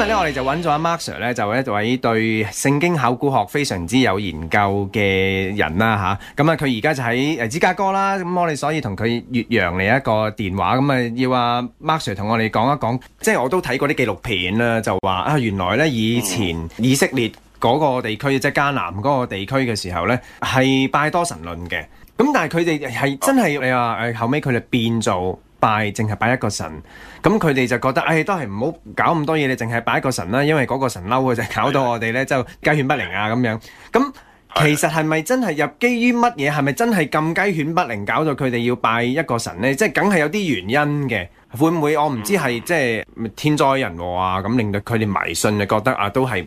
今日咧，我哋就揾咗阿 Mark 咧，就一位對聖經考古學非常之有研究嘅人啦，吓咁啊，佢而家就喺誒芝加哥啦，咁、啊、我哋所以同佢越洋嚟一個電話，咁啊，啊，啊，啊，啊要阿 Mark 同我哋講一講，即係我都睇過啲紀錄片啦，就話啊，原來咧以前以色列嗰個地區，即係加南嗰個地區嘅時候呢，係拜多神論嘅，咁、啊、但係佢哋係真係、哦、你話誒、啊、後尾佢哋變做。拜淨係拜一個神，咁佢哋就覺得，唉、哎，都係唔好搞咁多嘢，你淨係拜一個神啦，因為嗰個神嬲嘅就搞到我哋呢，就雞犬不寧啊咁樣。咁其實係咪真係入基於乜嘢？係咪真係咁雞犬不寧，搞到佢哋要拜一個神呢？即係梗係有啲原因嘅，會唔會我唔知係即係天災人禍啊？咁令到佢哋迷信，就覺得啊，都係。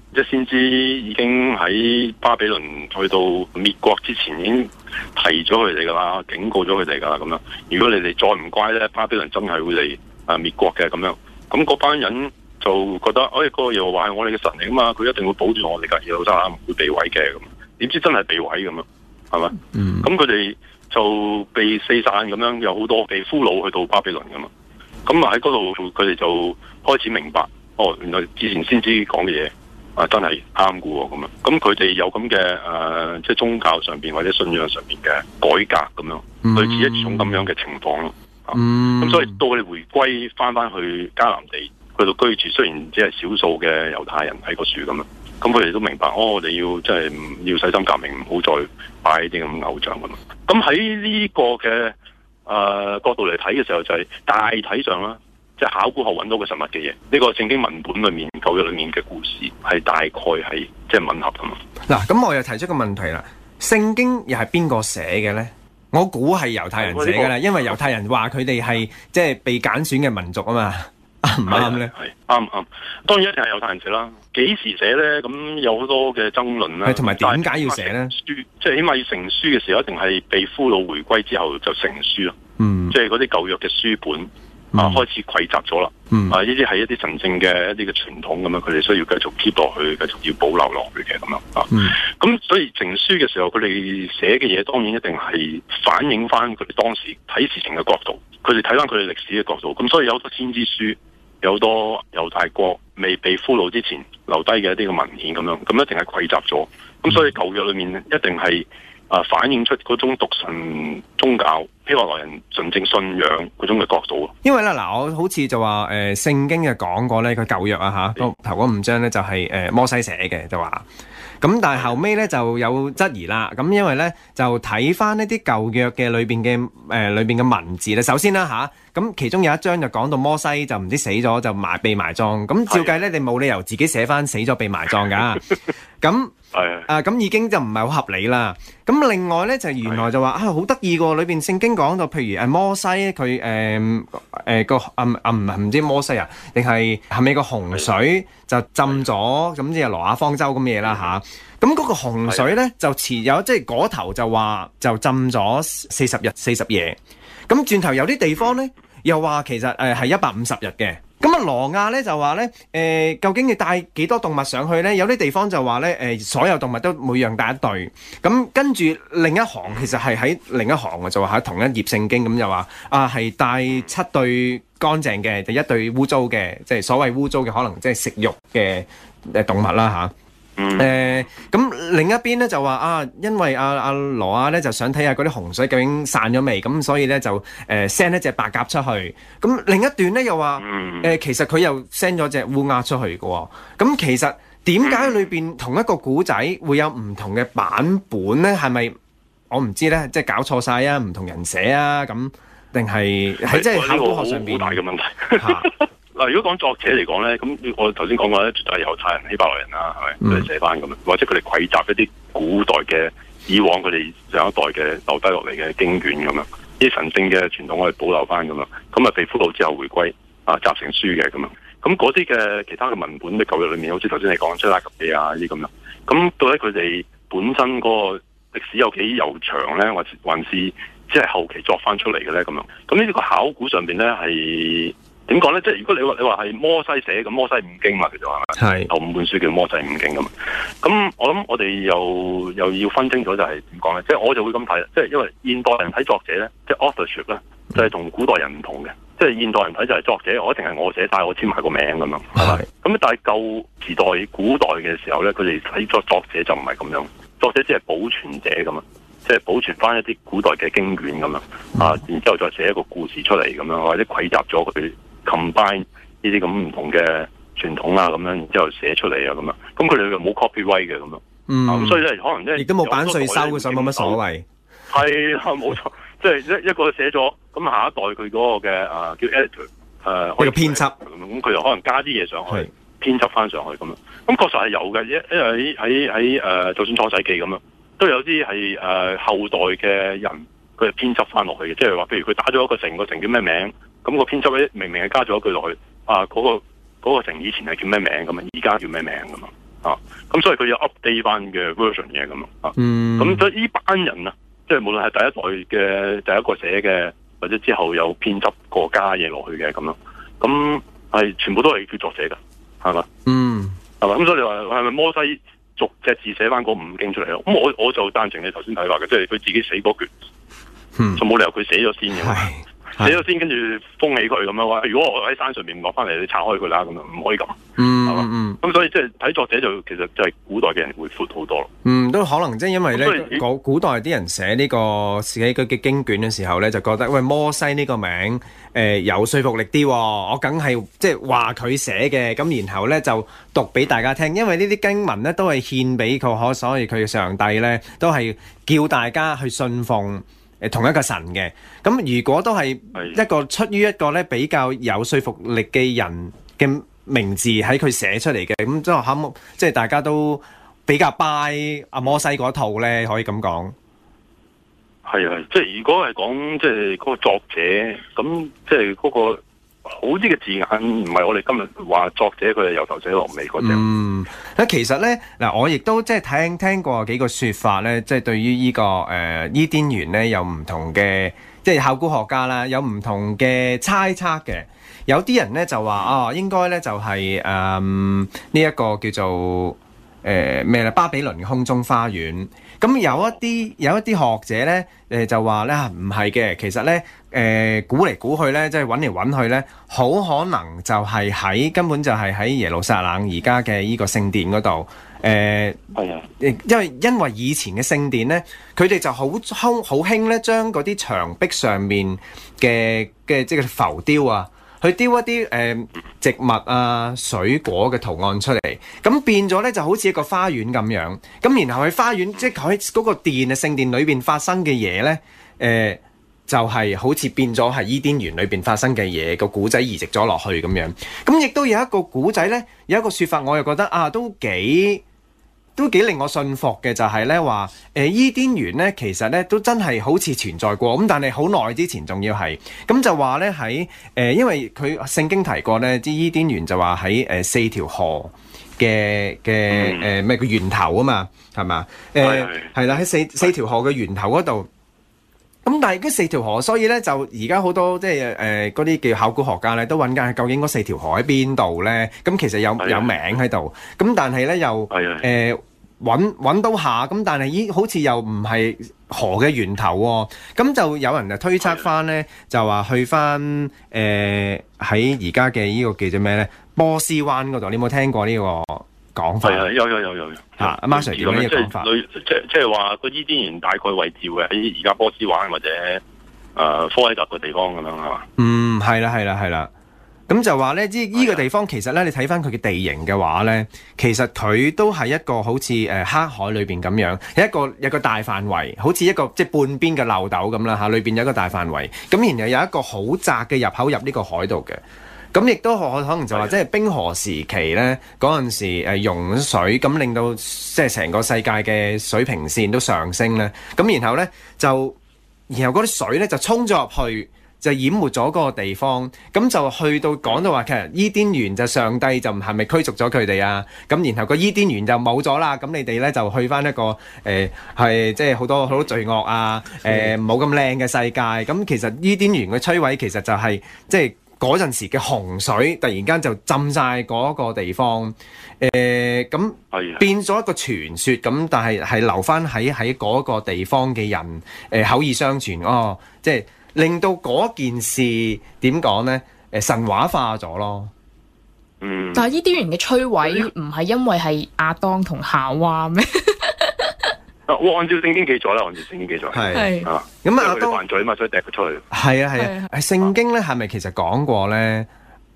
即先知已經喺巴比倫去到滅國之前，已經提咗佢哋噶啦，警告咗佢哋噶啦咁樣。如果你哋再唔乖咧，巴比倫真係會嚟啊，滅國嘅咁樣。咁嗰班人就覺得，哎，嗰、嗰個又話係我哋嘅神嚟啊嘛，佢一定會保住我哋噶，耶路撒冷唔會被毀嘅咁。點知真係被毀咁嘛？係咪？咁佢哋就被四散咁樣，有好多被俘虜去到巴比倫噶嘛。咁啊喺嗰度，佢哋就開始明白，哦，原來之前先知講嘅嘢。啊，真係啱嘅喎，咁樣，咁佢哋有咁嘅，誒、呃，即係宗教上邊或者信仰上邊嘅改革咁樣，嗯、類似一種咁樣嘅情況，啊、嗯，咁所以到佢哋回歸翻翻去迦南地去到居住，雖然只係少數嘅猶太人喺個樹咁啊，咁佢哋都明白，哦，我哋要即係要洗心革面，唔好再拜啲咁偶像噶嘛，咁喺呢個嘅誒、呃、角度嚟睇嘅時候就係、是、大體上啦。即係考古學揾到嘅實物嘅嘢，呢、這個聖經文本裏面舊約裏面嘅故事係大概係即係吻合啊嘛。嗱，咁我又提出一個問題啦，聖經又係邊個寫嘅咧？我估係猶太人寫噶啦，這個、因為猶太人話佢哋係即係被揀選嘅民族啊嘛。啱唔啱咧？係啱唔啱？當然一定係猶太人寫啦。幾時寫咧？咁有好多嘅爭論啦、啊。同埋點解要寫咧？書即係起碼要成書嘅時候，一定係被俘虜回歸之後就成書咯。嗯，即係嗰啲舊約嘅書本。啊！開始攢集咗啦，啊！呢啲係一啲神聖嘅一啲嘅傳統咁樣，佢哋需要繼續 keep 落去，繼續要保留落去嘅咁樣啊。咁、啊嗯、所以成書嘅時候，佢哋寫嘅嘢當然一定係反映翻佢哋當時睇事情嘅角度，佢哋睇翻佢哋歷史嘅角度。咁所以有好多先知書，有好多猶大國未被俘虜之前留低嘅一啲嘅文件咁樣，咁一定係攢集咗。咁所以舊約裏面一定係。啊！反映出嗰種獨神宗教、希伯來人純正信仰嗰種嘅角度。因為咧嗱、呃，我好似就話誒、呃、聖經嘅講過咧，佢舊約啊的頭嗰五章咧就係、是呃、摩西寫嘅，就話咁，但係後尾咧就有質疑啦。咁因為咧就睇翻呢啲舊約嘅裏面嘅誒、呃、裏邊嘅文字咧，首先啦吓。啊咁其中有一章就講到摩西就唔知死咗就埋被埋葬，咁照計咧的你冇理由自己寫翻死咗被埋葬噶，咁，啊咁已經就唔係好合理啦。咁另外咧就原來就話的啊好得意個裏面聖經講到，譬如、啊、摩西佢誒誒個唔唔、啊啊、知摩西啊，定係係咪個洪水就浸咗，咁即係羅亞方舟咁嘅嘢啦嚇咁嗰個洪水呢，的就持有，即係嗰頭就話就浸咗四十日四十夜。咁轉頭有啲地方呢，又話其實誒係、呃、一百五十日嘅。咁啊羅亞呢，就話呢、呃，究竟你帶幾多動物上去呢？有啲地方就話呢、呃，所有動物都每樣帶一對。咁跟住另一行其實係喺另一行就話喺同一頁聖經咁就話啊，係帶七對乾淨嘅，第一對污糟嘅，即、就、係、是、所謂污糟嘅可能即係食肉嘅誒動物啦嚇。誒，咁、嗯呃、另一邊咧就話啊，因為阿阿挪亞咧、啊、就想睇下嗰啲洪水究竟散咗未？咁所以咧就誒 send、呃、一隻白鴿出去。咁另一段咧又話，誒、嗯呃、其實佢又 send 咗隻烏鴉出去喎。咁其實點解裏邊同一個古仔會有唔同嘅版本咧？係咪我唔知咧，即係搞錯晒啊？唔同人寫啊？咁定係喺即係考古學上面嘅問題。嗱，如果講作者嚟講咧，咁我頭先講過咧，就係猶太人、希伯來人啦，係咪寫翻咁樣，或者佢哋蒐集一啲古代嘅以往佢哋上一代嘅留低落嚟嘅經卷咁樣，啲神聖嘅傳統我哋保留翻咁樣，咁啊被俘虜之後回歸啊，集成書嘅咁樣，咁嗰啲嘅其他嘅文本喺舊約裏面，好似頭先你講出埃及啊啲咁啦，咁到底佢哋本身嗰個歷史有幾悠長咧，還是還是即係後期作翻出嚟嘅咧咁樣？咁呢一個考古上邊咧係？點講咧？即係如果你話，你話係摩西寫嘅《摩西五經嘛，叫做係頭五本書叫摩西五經噶嘛。咁我諗我哋又又要分清楚就係點講咧？即係我就會咁睇，即係因為現代人睇作者咧，即係 authorship 咧，就係同古代人唔同嘅。即係現代人睇就係作者，我一定係我寫晒，我簽埋個名咁樣係咪？咁是但係舊時代古代嘅時候咧，佢哋睇作作者就唔係咁樣，作者只係保存者咁樣，即係保存翻一啲古代嘅經卷咁樣啊，然之後再寫一個故事出嚟咁樣，或者匯集咗佢。combine 呢啲咁唔同嘅傳統啊，咁樣然之後寫出嚟、right 嗯、啊，咁樣，咁佢哋又冇 copyright 嘅咁咯。嗯，咁所以咧，可能即咧，亦都冇版稅收嘅上冇乜所謂。係啦、啊，冇錯，即係一一個寫咗，咁下一代佢嗰個嘅啊叫 editor，啊，一個編輯咁佢又可能加啲嘢上去，的編輯翻上去咁樣。咁確實係有嘅，因為喺喺喺誒就算創世紀咁啦，都有啲係誒後代嘅人佢編輯翻落去嘅，即係話譬如佢打咗一個成個成叫咩名。咁個編輯咧，明明係加咗一句落去，啊，嗰、那個嗰、那個城以前係叫咩名咁啊？而家叫咩名噶嘛？啊，咁所以佢有 update 翻嘅 version 嘅咁啊。咁、mm. 所以呢班人啊，即係無論係第一代嘅第一個寫嘅，或者之後有編輯過加嘢落去嘅咁咯。咁係全部都係叫作者噶，係嘛？嗯。係嘛？咁所以你話係咪摩西逐隻字寫翻嗰五經出嚟咯？咁我我就單純嘅頭先睇法嘅，即係佢自己死嗰橛，就冇、mm. 理由佢寫咗先嘅。Mm. 寫咗是先，跟住封起佢咁樣話。如果我喺山上面落翻嚟，你拆開佢啦，咁樣唔可以咁。嗯，咁吧、嗯、所以即係睇作者就其實即係古代嘅人會闊好多。嗯，都可能即係因為咧以古代啲人寫呢、這個自己嘅嘅經卷嘅時候咧，就覺得喂摩西呢個名誒、呃、有說服力啲、哦，我梗係即係話佢寫嘅。咁然後咧就讀俾大家聽，因為呢啲經文咧都係獻俾佢，可所以佢嘅上帝咧都係叫大家去信奉。誒同一個神嘅，咁如果都係一個出於一個咧比較有說服力嘅人嘅名字喺佢寫出嚟嘅，咁即係冚即係大家都比較 buy 阿摩西嗰套咧，可以咁講。係啊，即係如果係講即係嗰個作者，咁即係嗰個。好啲嘅字眼，唔係我哋今日話作者佢係由頭寫落尾嗰隻。嗯，嗱，其實咧，嗱，我亦都即係聽聽過幾個說法咧，就是這個呃，即係對於呢個誒伊甸園咧有唔同嘅，即係考古學家啦有唔同嘅猜測嘅。有啲人咧就話啊，哦，應該咧就係誒呢一個叫做誒咩咧巴比倫空中花園。咁有一啲有一啲學者咧，誒就話咧唔係嘅，其實咧誒估嚟估去咧，即係揾嚟揾去咧，好可能就係喺根本就係喺耶路撒冷而家嘅依個聖殿嗰度誒，啊、呃，哎、呀因為因為以前嘅聖殿咧，佢哋就好空好興咧，將嗰啲牆壁上面嘅嘅即係浮雕啊，去雕一啲誒、呃、植物啊、水果嘅圖案出嚟，咁變咗咧就好似一個花園咁樣。咁然後喺花園，即係喺嗰個殿啊聖殿裏面發生嘅嘢咧，誒、呃、就係、是、好似變咗係伊甸園裏面發生嘅嘢，個古仔移植咗落去咁樣。咁亦都有一個古仔咧，有一個說法，我又覺得啊都幾。都幾令我信服嘅就係、是、呢話，誒、呃、伊甸園呢其實呢都真係好似存在過咁，但係好耐之前仲要係，咁就話呢喺誒、呃，因為佢聖經提過呢，啲伊甸園就話喺誒四條河嘅嘅誒咩個源頭啊嘛，係嘛誒係啦，喺四四條河嘅源頭嗰度。咁的、嗯、但係呢四條河，所以呢就而家好多即係誒嗰啲叫考古學家呢都揾緊係究竟嗰四條河喺邊度呢？咁、嗯、其實有的有名喺度，咁但係呢又誒。的搵揾到下咁，但係好似又唔係河嘅源頭喎、哦，咁就有人就推測翻咧，的就話去翻誒喺而家嘅呢個叫做咩咧波斯灣嗰度，你有冇聽過呢個講法？啊，有有有有，有啊，阿 Mark Sir 講呢個講法，即係即係話個伊甸園大概位置會喺而家波斯灣或者誒科威特個地方咁樣係嘛？嗯，係啦，係啦，係啦。咁就話呢，呢、呢個地方其實呢，你睇翻佢嘅地形嘅話呢，其實佢都係一個好似誒黑海裏邊咁樣，有一個有一個大範圍，好似一個即係半邊嘅漏斗咁啦嚇，裏邊有一個大範圍，咁然後有一個好窄嘅入口入呢個海度嘅，咁亦都可可能就話即係冰河時期呢，嗰陣時誒融水，咁令到即係成個世界嘅水平線都上升呢。咁然後呢，就然後嗰啲水呢，就沖咗入去。就淹沒咗嗰個地方，咁就去到講到話，其實伊甸園就上帝就係咪驅逐咗佢哋啊？咁然後個伊甸園就冇咗啦，咁你哋咧就去返一個誒係即係好多好多罪惡啊誒冇咁靚嘅世界。咁其實伊甸園嘅摧毀其實就係即係嗰陣時嘅洪水，突然間就浸晒嗰個地方誒，咁、呃、的變咗一個傳説。咁但係係留返喺喺嗰個地方嘅人、呃、口耳相傳，哦，即係。令到嗰件事點講咧？誒，神話化咗咯。嗯。但係呢啲人嘅摧毀唔係因為係亞當同夏娃咩、 啊？我按照聖經記載啦，按照聖經記載係啊。咁啊，亞當犯罪啊，啊嘛，所以掟佢出去。係啊係啊。喺、啊啊、聖經咧，係咪其實講過咧？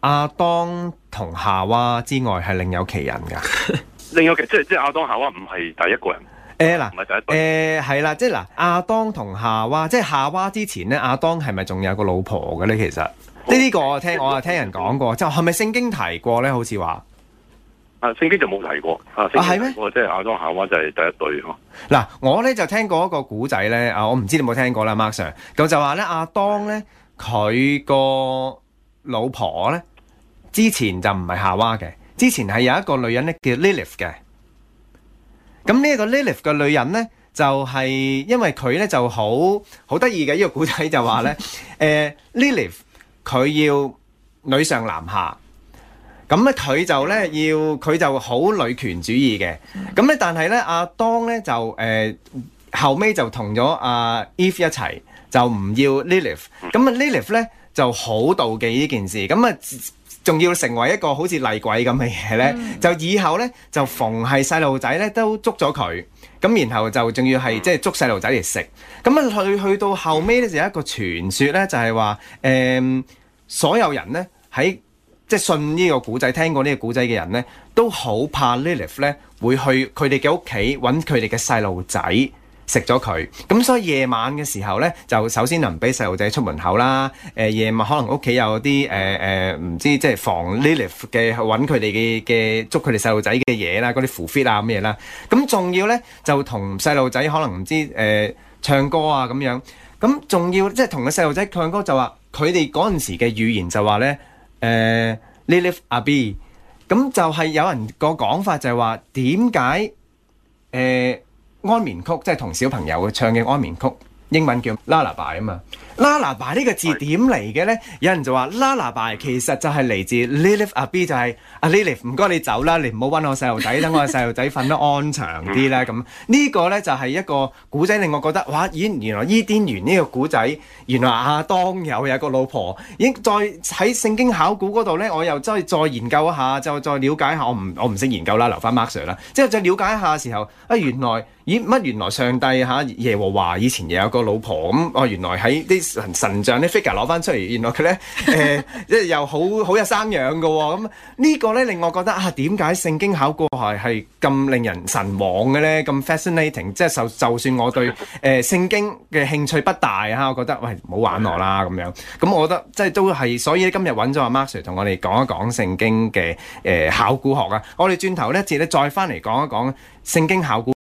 亞、啊、當同夏娃之外，係另有其人噶。 另有其即係即係亞當夏娃唔係第一個人。誒嗱，唔係第一對？誒係啦，即係嗱，阿當同夏娃，即係夏娃之前咧，阿當係咪仲有個老婆嘅咧？其實呢好個我聽，我啊聽人講過，就係咪聖經提過咧？好似話啊，聖經就冇提過啊，係咩？啊、係咩？即係阿當夏娃就係第一對嗱、啊，我咧就聽過一個古仔咧，啊，我唔知你有冇聽過啦，Mark Sir，咁就話咧，阿當咧佢個老婆咧之前就唔係夏娃嘅，之前係有一個女人咧叫 Lilith 嘅。咁呢個個 Lilith 嘅女人呢，就係、是、因為佢呢就好好得意嘅。呢、這個古仔就話呢、 欸、Lilith 佢要女上男下，咁咧佢就呢要佢就好女權主義嘅。咁 但係呢，阿、啊、當呢就誒後尾就同咗阿 Eve 一齊，就唔、呃啊、要 Lilith。咁啊 Lilith 呢就好妒忌呢件事。咁啊～仲要成為一個好似厲鬼咁嘅嘢呢。嗯、就以後呢，就逢係細路仔呢都捉咗佢，咁然後就仲要係即係捉細路仔嚟食，咁啊去去到後尾呢，就有一個傳說呢，就係話誒所有人呢，喺即係信呢個古仔，聽過呢個古仔嘅人呢，都好怕 Lilith 咧會去佢哋嘅屋企揾佢哋嘅細路仔。食咗佢，咁所以夜晚嘅時候咧，就首先能俾細路仔出門口啦。誒夜晚可能屋企有啲誒誒，呃唔知即係防 Lilith 嘅搵佢哋嘅嘅捉佢哋細路仔嘅嘢啦，嗰啲扶 fit 啊咁嘢啦。咁仲要咧，就同細路仔可能唔知誒、呃、唱歌啊咁樣。咁仲要即係同個細路仔唱歌就話，佢哋嗰陣時嘅語言就話咧誒 Lilith 阿 B，咁就係有人個講法就係話點解誒？安眠曲，即係同小朋友唱嘅安眠曲，英文叫 lullaby 啊嘛。拉拿伯呢個字點嚟嘅呢？是有人就話拉拿伯其實就係嚟自 Lilith 啊 B 就係、是、啊 Lilith，唔該你走啦，你唔好温我細路仔，等我細路仔瞓得安詳啲啦。咁呢、 這個呢，就係一個古仔，令我覺得哇，咦，原來伊甸園呢個古仔，原來亞當有有個老婆。咦，再喺聖經考古嗰度呢，我又真係再研究一下，就再了解下。我唔我唔識研究啦，留翻 Mark Sir 啦。即係再了解一下嘅時候，啊，原來咦乜？乜原來上帝吓耶和華以前也有一個老婆咁。哦、啊，原來喺神像啲 figure 攞翻出嚟，原來佢咧誒，即係又好好有生養嘅喎。咁呢個咧令我覺得啊，點解聖經考古學係咁令人神往嘅咧？咁 fascinating，即係就就算我對誒聖經嘅興趣不大啊，我覺得喂，唔好玩我啦咁樣。咁我覺得即係都係，所以今日揾咗阿 Mark 同我哋講一講聖經嘅誒考古學啊。我哋轉頭咧，自己再翻嚟講一講聖經考古。